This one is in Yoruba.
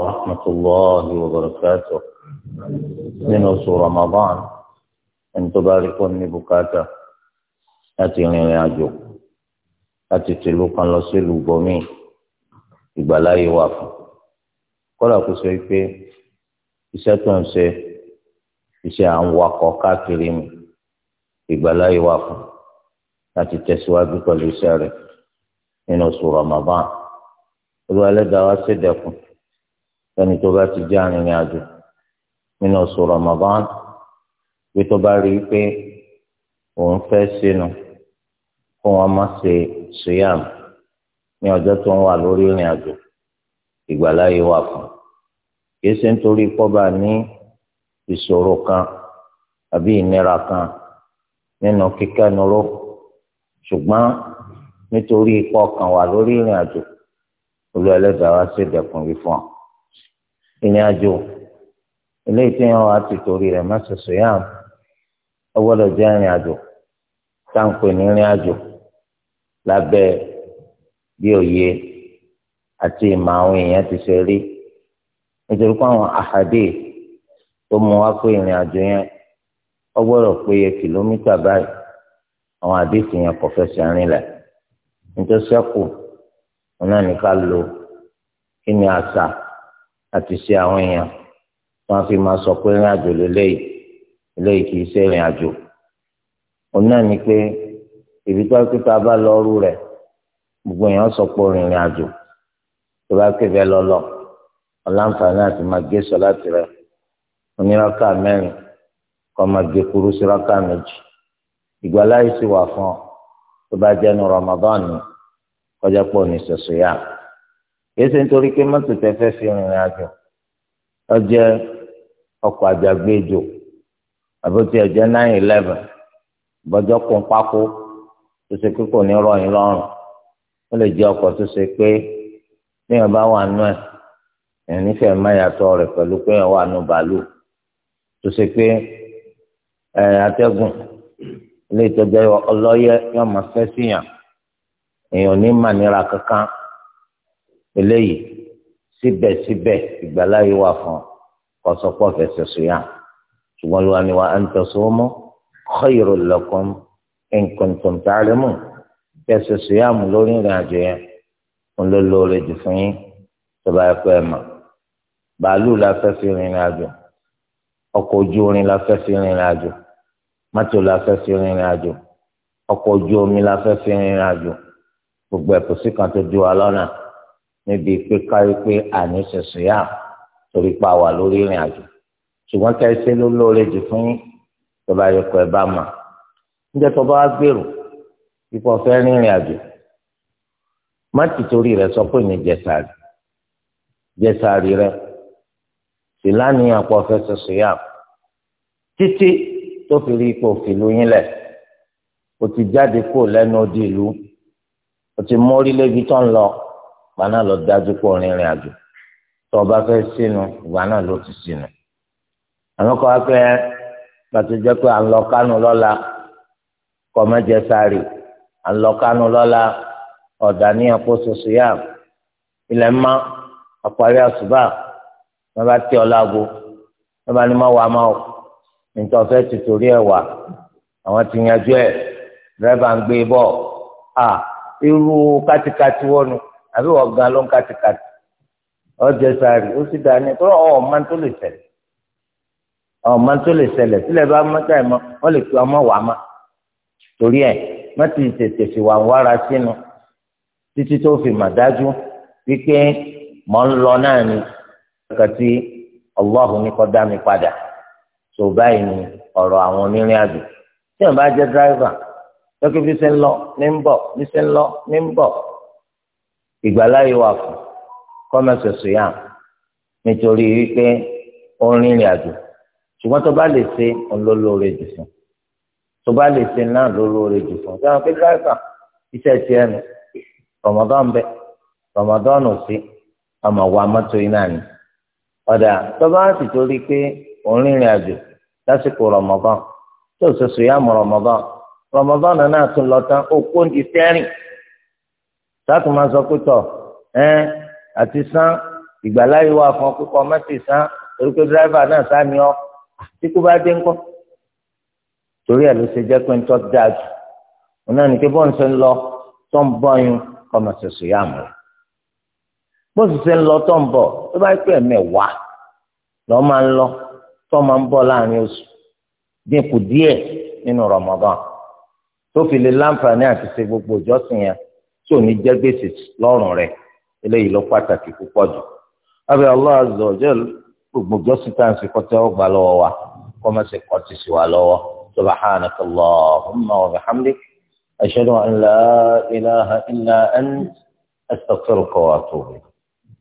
ورحمة الله وبركاته nínú oṣù Ramadan ẹni tó bá rí kó ní bùkátà láti rìnrìn àjò láti tìlú kan lọ sílùú gbòmí ìgbàláyé wà fún kódà kó sọ pé iṣẹ́ tó ń ṣe iṣẹ́ à ń wakọ̀ káàkiri mi ìgbàláyé wà fún láti tẹ̀síwájú pẹ̀lú iṣẹ́ rẹ̀ nínú oṣù Ramadan olúwa ẹlẹ́dàá wá ṣèdẹ̀kùn ẹni tó bá ti jẹ́ arìnrìn àjò nínú oṣù Ramadan pé tó bá rí i pé òun fẹ́ sínú kó wọn má ṣe ṣìyàm ní ọjọ́ tó ń wà lórí ìrìn àjò ìgbàláyé wà fún kìí ṣe nítorí pọ́bà ní ìṣòro kan àbí ìnira kan nínú kíkẹ́nuró ṣùgbọ́n nítorí ipò kan wà lórí ìrìn àjò olú ẹlẹ́dàá wá ṣèdẹ̀kùn yìí fún ọ. ìrìn àjò eléyìí tí wọn wá ti torí rẹ̀ má ṣoṣo yá ọ jẹ ìrìn àjò táǹpẹ ní ìrìn àjò bí òye àti ìmọ̀ àwọn èèyàn ti ṣe rí nítorí pé àwọn àhàdé tó mú wá pé ìrìn yẹn ọ péye kìlómítà báyìí àwọn àdéhùn yẹn kò àti ṣe àwọn èèyàn wọn fi máa sọ pé ìrìn àjò lélẹyìí eléyìí kì í ṣe ìrìn àjò òun náà ni pé ibi tó kí tá a bá lọ rú rẹ gbogbo èèyàn sọ pé ìrìn àjò tó bá kébẹ lọlọ ọláǹfààní àti máa gé sọ láti rẹ oníraka mẹ́rin kọ máa gé kúrú sí raka méjì ìgbàláyé sì wà fún ọ tó bá jẹnu Ramadan kọjá pọ ní sọsọ yára yéésì nítorí pé mọ́tò tẹ fẹ́ fi rìnrìn àjò ọjẹ́ ọkọ̀ àjàgbéjò àbótí ọjẹ́ nine eleven bọ́jọ́ kún pákó tó ṣe pé kò ní rọyìn lọ́rùn ó lè jẹ́ ọkọ̀ tó ṣe pé téèyàn bá wà nù ẹ̀ èèyàn nífẹ̀ẹ́ máyàtọ̀ rẹ̀ pẹ̀lú pé èèyàn wà nù bàálù tó ṣe pé atẹ́gùn ilé ìtọ́jú ọlọ́yẹ yóò máa fẹ́ síyàn èèyàn ní mà kankan eléyìí síbẹ̀síbẹ̀ ìgbàláyé wà fún kọsọpọ̀ fẹsẹ̀ sùyà ṣùgbọ́n ló wà ní wa an tasumu khayrun lakum in kuntum ta'lamun fẹsẹ̀ sùyà mú lórí ìrìn àjò yẹn ń lọ lóore jù fún yín tó bá yẹ pé ẹ mọ̀ bàálù la fẹ́ àjò ọkọ̀ ojú irin la fẹ́ àjò mọ́tò la fẹ́ àjò ọkọ̀ ojú omi la fẹ́ àjò gbogbo ẹ̀kọ́ sí kan tó di wa lọ́nà níbi pé kárí pé àní ṣẹṣẹ yá torí pa wà lórí ìrìn àjò ṣùgbọ́n ká ẹ ṣe ló lóore jù fún tọba ayọkọ ẹ bá mà níjẹ tọba wa gbèrò ipò fẹ́ rìnrìn àjò má ti torí rẹ sọ pé ní jẹsàárì jẹsàárì rẹ sì lánìyàn pọ̀ fẹ́ ṣẹṣẹ yá títí tó fi rí ipò òfìlú yín lẹ̀ o ti jáde kó lẹ́nu odi ìlú o ti mórí lébi tó ń lọ ìgbà náà lọ dájú pọ̀ rìnrìn àjò tó o bá fẹ́ sínú ìgbà náà ló ti sínú. àwọn kan wá pé pàtó jẹ́ pé à ń lọ kánú lọ́la kọ́ mẹ́jẹ sáré à ń lọ kánú lọ́la ọ̀dà ní ẹ̀kọ́ soso yá ilẹ̀ mọ́ àparí àṣùbà wọ́n bá tẹ ọ láago wọ́n bá ní má wàá má o nítorí ọ̀fẹ́ ti torí ẹ̀ wà àwọn ti yanjú ẹ̀ dẹ́rẹ́bà ń gbé bọ́ọ̀ à irú kátikáti wọ́nu àbí wọ́n gan ló ń kàtìkàtì ọjọ́ sáré ó sì dá ní tọ́lọ́ ọ̀ máa tó lè ṣẹlẹ̀ ọ̀ máa tó lè ṣẹlẹ̀ sílẹ̀ bá mọ́tà ẹ̀ mọ́ wọ́n lè fi ọmọ wà má torí ẹ̀ má ti tètè fi wà wára sínú títí tó fi mà dájú wípé mọ̀ ń lọ náà ni kàtí ọlọ́hùn ní kọ́ dá mi padà tó báyìí ni ọ̀rọ̀ àwọn onírìn àjò tí wọ́n bá jẹ́ dráìvà lọ́kẹ́ fi ṣe ń lọ ní ń bọ̀ ní ṣe ń lọ ní ń bọ̀ ìgbàláyé wà fún kọ́mẹ̀sì sùyàm nítorí wípé ó ń rìnrìn àjò ṣùgbọ́n tó bá lè ṣe òun ló lóore jù fún tó bá lè ṣe náà ló lóore jù fún ṣáà pé dírẹ́fà iṣẹ́ tiẹ̀ nù rọmọdán bẹ rọmọdán ò sí ọmọ wa mọ́tò yìí náà ni ọ̀dà tó bá sì torí pé òun rìnrìn àjò lásìkò rọmọdán tó ṣe sùyàm rọmọdán rọmọdán náà tún lọ tán ó kó ní sẹ́rìn sátò máa sọ pé tọ̀ ẹ́ àti sán ìgbàláyé wà fún ọkọ̀ mẹ́tì sán torí pé dírẹ́fà náà sá ni ọ́ tí kò bá dé ńkọ́ torí ẹ̀ ló ṣe jẹ́ pé ń tọ́ dáa jù wọn náà ní kí bọ́ọ̀n ṣe ń lọ tó ń bọ́yún kọ́ máa ṣe sùn yá mọ́ bó sì ṣe ń lọ tó ń bọ̀ tó bá pẹ́ mẹ́wàá lọ́ máa ń lọ tó máa ń bọ̀ láàrin oṣù dínkù díẹ̀ nínú Ramadan tó fi lè láǹfààní àti ṣe gbogbo ìjọsìn yẹn tí ò ní jẹ́ gbèsè lọ́rùn rẹ̀ eléyìí ló pàtàkì púpọ̀ jù abẹ́ Allah azza wa jal gbogbo jọ́sìn tá à ń ṣe kọ́tẹ́ ọgbà lọ́wọ́ wa kọ́ má ṣe kọ́tì sí wa lọ́wọ́ subhanaka Allahumma wa bihamdik ashhadu an la ilaha illa ant astaghfiruka wa atubu